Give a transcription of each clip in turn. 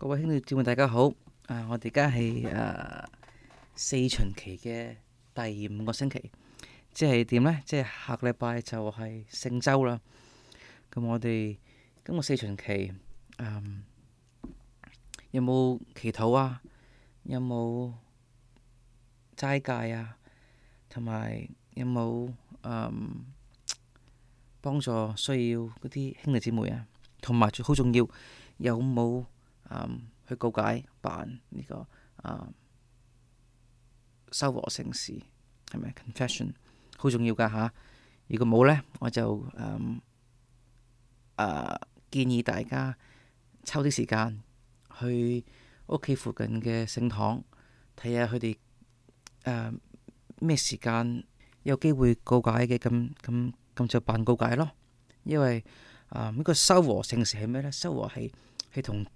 各位兄弟姊妹，大家好。啊，我哋而家係啊四旬期嘅第五個星期，即係點咧？即係下個禮拜就係聖週啦。咁我哋今個四旬期，嗯，有冇祈禱啊？有冇齋戒啊？同埋有冇嗯幫助需要嗰啲兄弟姊妹啊？同埋最好重要，有冇？Um, 去告解，辦呢、這個啊修和聖事係咪？Confession 好重要㗎嚇！如果冇呢，我就、啊啊、建議大家抽啲時間去屋企附近嘅聖堂睇下佢哋咩時間有機會告解嘅，咁咁咁就辦告解咯。因為啊呢、這個修和聖事係咩呢？修和係係同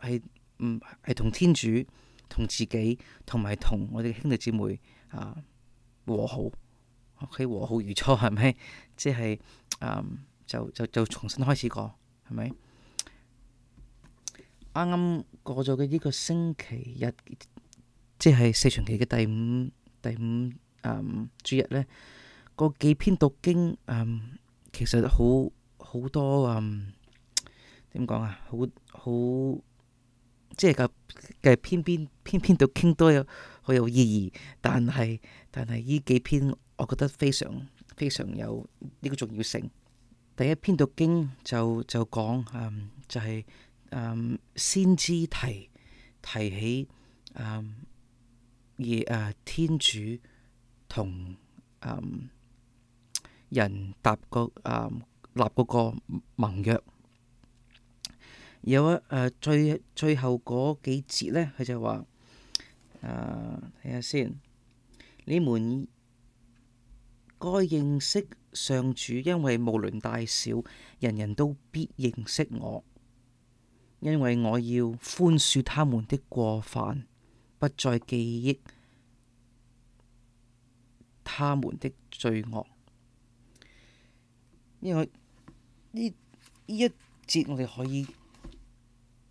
係唔係同天主、同自己、同埋同我哋兄弟姐妹啊和好，佢、okay, 和好如初係咪？即係嗯，就就就重新開始過係咪？啱啱過咗嘅呢個星期日，即係四旬期嘅第五第五啊、嗯、主日咧，嗰幾篇讀經啊、嗯，其實好好多啊，點講啊，好好。即係嘅嘅，偏偏偏偏讀經都有好有意義，但係但係依幾篇我覺得非常非常有呢個重要性。第一篇讀經就就講、嗯就係嗯嗯，啊，就係先知提提起而耶天主同、嗯、人搭個啊、嗯、立嗰個，個盟約。有啊！誒最最後嗰幾節呢，佢就話：誒睇下先，你們該認識上主，因為無論大小，人人都必認識我，因為我要寬恕他們的過犯，不再記憶他們的罪惡。因為呢呢一節我哋可以，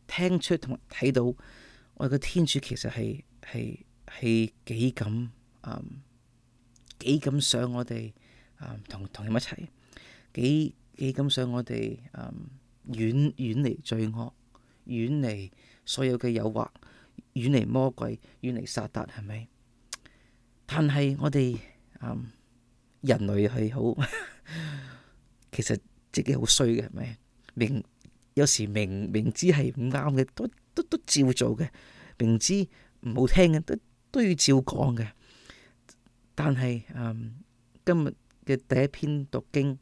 聽出同睇到我哋嘅天主其實係係係幾咁嗯幾咁想我哋啊、嗯、同同佢一齊，幾幾咁想我哋嗯遠遠離罪惡，遠離所有嘅誘惑，遠離魔鬼，遠離撒旦，係咪？但係我哋嗯人類係好， 其實自己好衰嘅，係咪？明？有時明明知係唔啱嘅，都都都照做嘅。明知唔好聽嘅，都都要照講嘅。但係，嗯，今日嘅第一篇讀經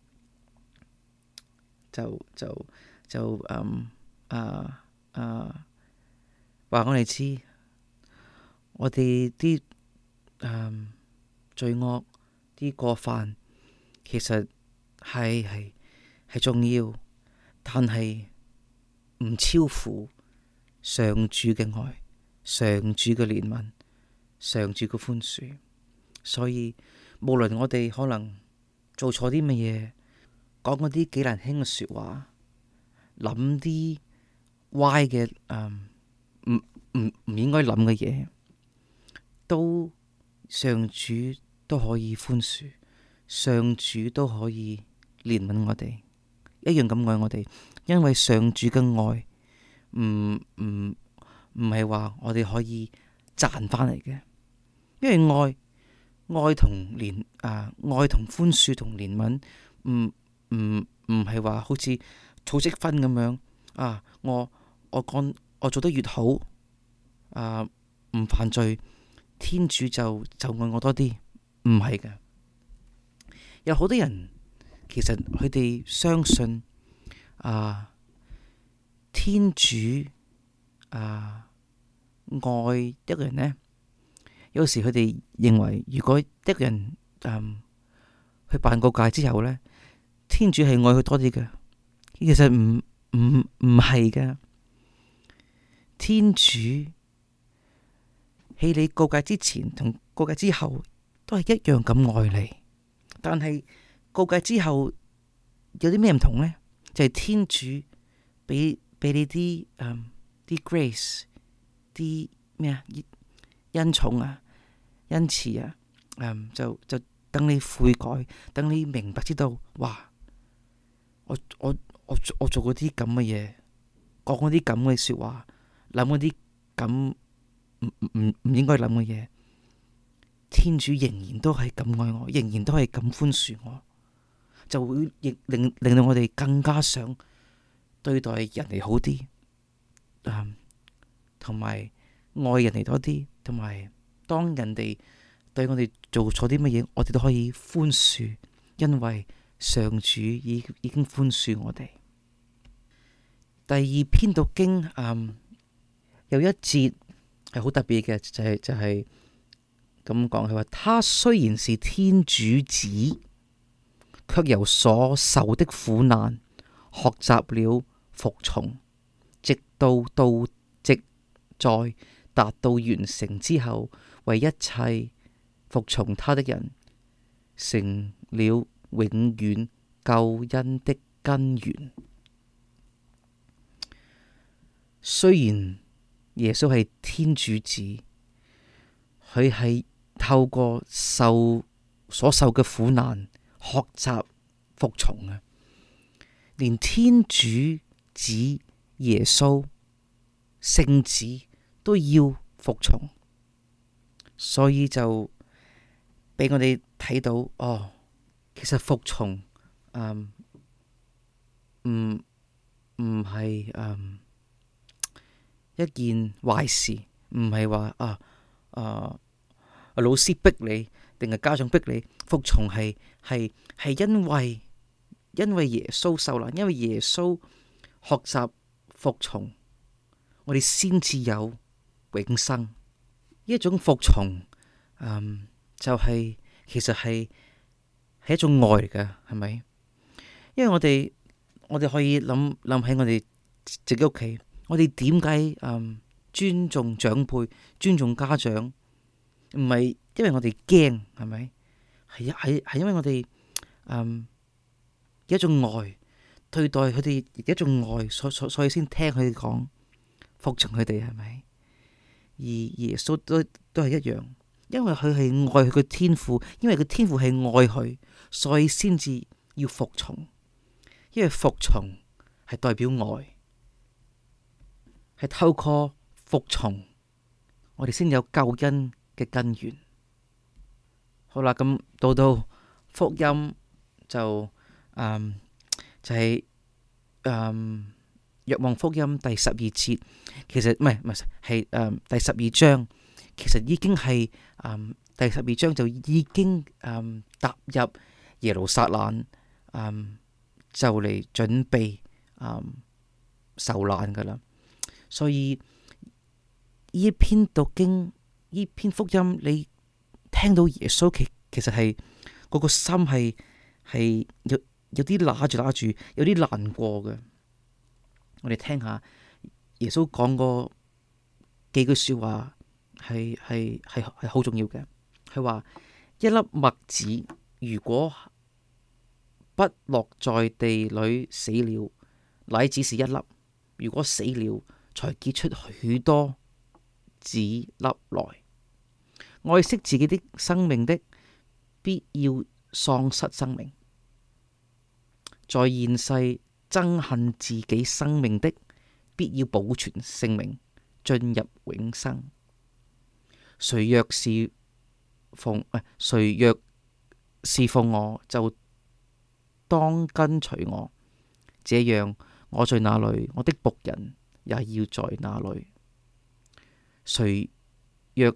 就就就嗯啊啊，話我哋知，我哋啲嗯罪惡啲過犯，其實係係係重要，但係。唔超乎上主嘅愛，上主嘅憐憫，上主嘅寬恕。所以，無論我哋可能做錯啲乜嘢，講嗰啲幾難聽嘅說話，諗啲歪嘅，嗯，唔唔唔應該諗嘅嘢，都上主都可以寬恕，上主都可以憐憫我哋。一樣咁愛我哋，因為上主嘅愛唔唔唔係話我哋可以賺翻嚟嘅，因為愛愛同憐啊，愛同寬恕同憐憫，唔唔唔係話好似儲積分咁樣啊，我我講我做得越好啊，唔犯罪，天主就就愛我多啲，唔係嘅，有好多人。其實佢哋相信啊，天主啊愛一個人呢，有時佢哋認為如果一個人嗯、啊、去辦告解之後呢，天主係愛佢多啲嘅。其實唔唔唔係嘅，天主喺你告解之前同告解之後都係一樣咁愛你，但係。告解之後有啲咩唔同呢？就係、是、天主俾俾你啲啲 grace 啲咩啊，恩寵啊，恩賜啊，就就等你悔改，等、嗯、你明白知道，哇！我我我我做嗰啲咁嘅嘢，講嗰啲咁嘅說話，諗嗰啲咁唔唔唔唔應該諗嘅嘢，天主仍然都係咁愛我，仍然都係咁寬恕我。就會亦令令到我哋更加想對待人哋好啲，嗯，同埋愛人哋多啲，同埋當人哋對我哋做錯啲乜嘢，我哋都可以寬恕，因為上主已已經寬恕我哋。第二篇讀經，嗯，有一節係好特別嘅，就係就係咁講，佢話：他雖然是天主子。卻由所受的苦難學習了服從，直到到即在達到完成之後，為一切服從他的人，成了永遠救恩的根源。雖然耶穌係天主子，佢係透過受所受嘅苦難。學習服從啊，連天主子耶穌聖子都要服從，所以就俾我哋睇到哦。其實服從，嗯，唔唔係嗯，嗯，一件壞事，唔係話啊啊，老師逼你。定係家長逼你服從，係係係因為因為耶穌受難，因為耶穌學習服從，我哋先至有永生。呢一種服從，嗯，就係其實係係一種愛嚟㗎，係咪？因為我哋我哋可以諗諗起我哋自己屋企，我哋點解嗯尊重長輩、尊重家長，唔係？因為我哋驚，係咪？係係係因為我哋嗯，一種愛對待佢哋，一種愛所所所以先聽佢哋講，服從佢哋，係咪？而耶穌都都係一樣，因為佢係愛佢個天父，因為佢天父係愛佢，所以先至要服從。因為服從係代表愛，係透過服從，我哋先有救恩嘅根源。好啦，咁到到福音就，嗯，就係、是，嗯，若望福音第十二節，其實唔係唔係，係嗯，嗯第十二章，其實已經係，嗯，第十二章就已經嗯踏入耶路撒冷，嗯，就嚟準備嗯受難噶啦，所以呢篇讀經，呢篇福音你。聽到耶穌其其實係嗰個心係係有有啲揦住揦住，有啲難過嘅。我哋聽下耶穌講個幾句説話係係係係好重要嘅。佢話一粒麥子如果不落在地裏死了，乃只是一粒；如果死了，才結出許多子粒來。愛惜自己的生命的必要喪失生命，在現世憎恨自己生命的必要保存性命，進入永生。誰若侍奉，誰若侍奉我，就當跟隨我。這樣我在哪裏，我的僕人也要在哪裏。誰若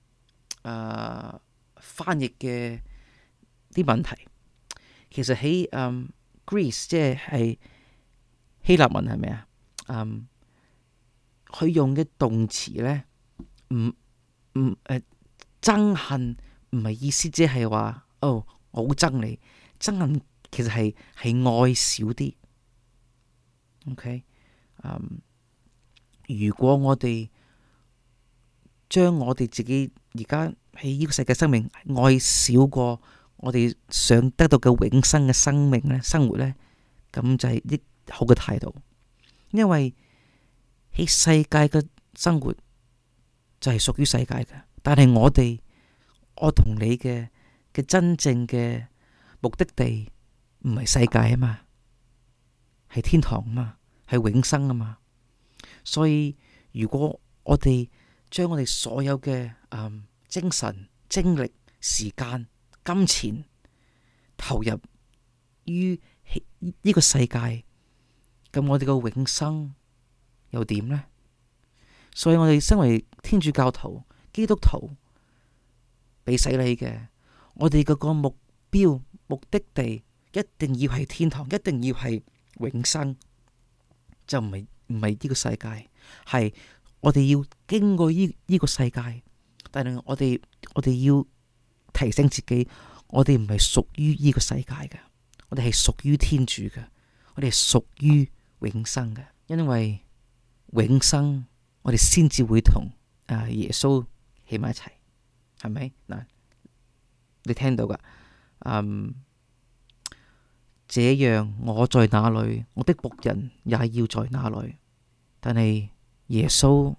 誒，uh, 翻譯嘅啲問題，其實喺誒、um, Greece 即係希臘文係咩？啊、um,？嗯，佢用嘅動詞咧，唔唔誒憎恨唔係意思，即係話哦，oh, 我好憎你憎恨，其實係係愛少啲。OK，嗯、um,，如果我哋。將我哋自己而家喺呢個世界生命愛少過我哋想得到嘅永生嘅生命，咧，生活咧，咁就係一好嘅態度，因為喺世界嘅生活就係屬於世界嘅，但係我哋我同你嘅嘅真正嘅目的地唔係世界啊嘛，係天堂啊嘛，係永生啊嘛，所以如果我哋。將我哋所有嘅嗯精神、精力、時間、金錢投入於呢個世界，咁我哋個永生又點呢？所以我哋身為天主教徒、基督徒，俾洗禮嘅，我哋嗰個目標、目的地，一定要係天堂，一定要係永生，就唔係唔係呢個世界，係。我哋要經過呢呢個世界，但係我哋我哋要提升自己，我哋唔係屬於呢個世界嘅，我哋係屬於天主嘅，我哋係屬於永生嘅，因為永生我哋先至會同啊耶穌喺埋一齊，係咪嗱？你聽到噶？嗯，這樣我在哪裡，我的僕人也要在哪裡，但係。耶穌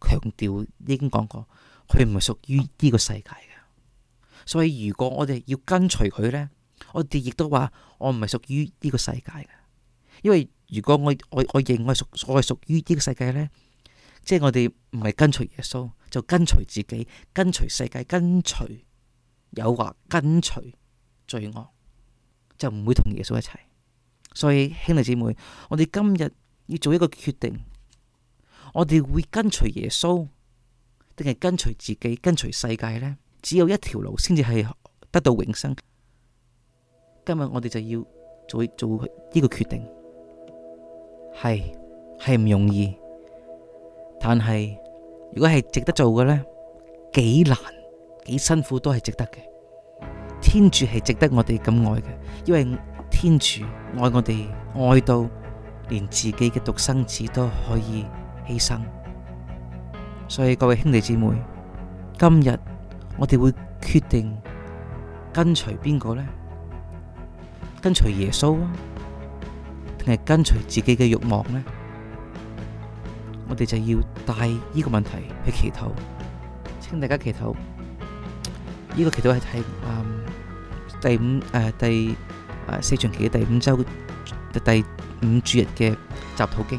強調已經講過，佢唔係屬於呢個世界嘅。所以如果我哋要跟隨佢呢，我哋亦都話我唔係屬於呢個世界嘅。因為如果我我我認我屬我係屬於呢個世界呢，即係我哋唔係跟隨耶穌，就跟隨自己，跟隨世界，跟隨誘惑，跟隨罪惡，就唔會同耶穌一齊。所以兄弟姐妹，我哋今日要做一個決定。我哋會跟隨耶穌定係跟隨自己，跟隨世界呢？只有一條路先至係得到永生。今日我哋就要做做呢個決定，係係唔容易，但係如果係值得做嘅呢，幾難幾辛苦都係值得嘅。天主係值得我哋咁愛嘅，因為天主愛我哋愛到連自己嘅獨生子都可以。犧牲，所以各位兄弟姊妹，今日我哋會決定跟隨邊個呢？跟隨耶穌啊，定係跟隨自己嘅慾望呢？我哋就要帶呢個問題去祈禱，請大家祈禱。呢個祈禱係喺第五誒第誒四旬期第五周第五主日嘅集禱經。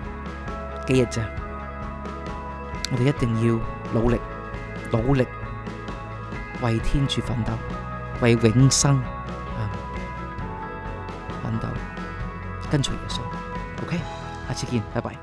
幾日咋？我哋一定要努力，努力為天主奮鬥，為永生奮鬥，跟隨耶穌。OK，下次見，拜拜。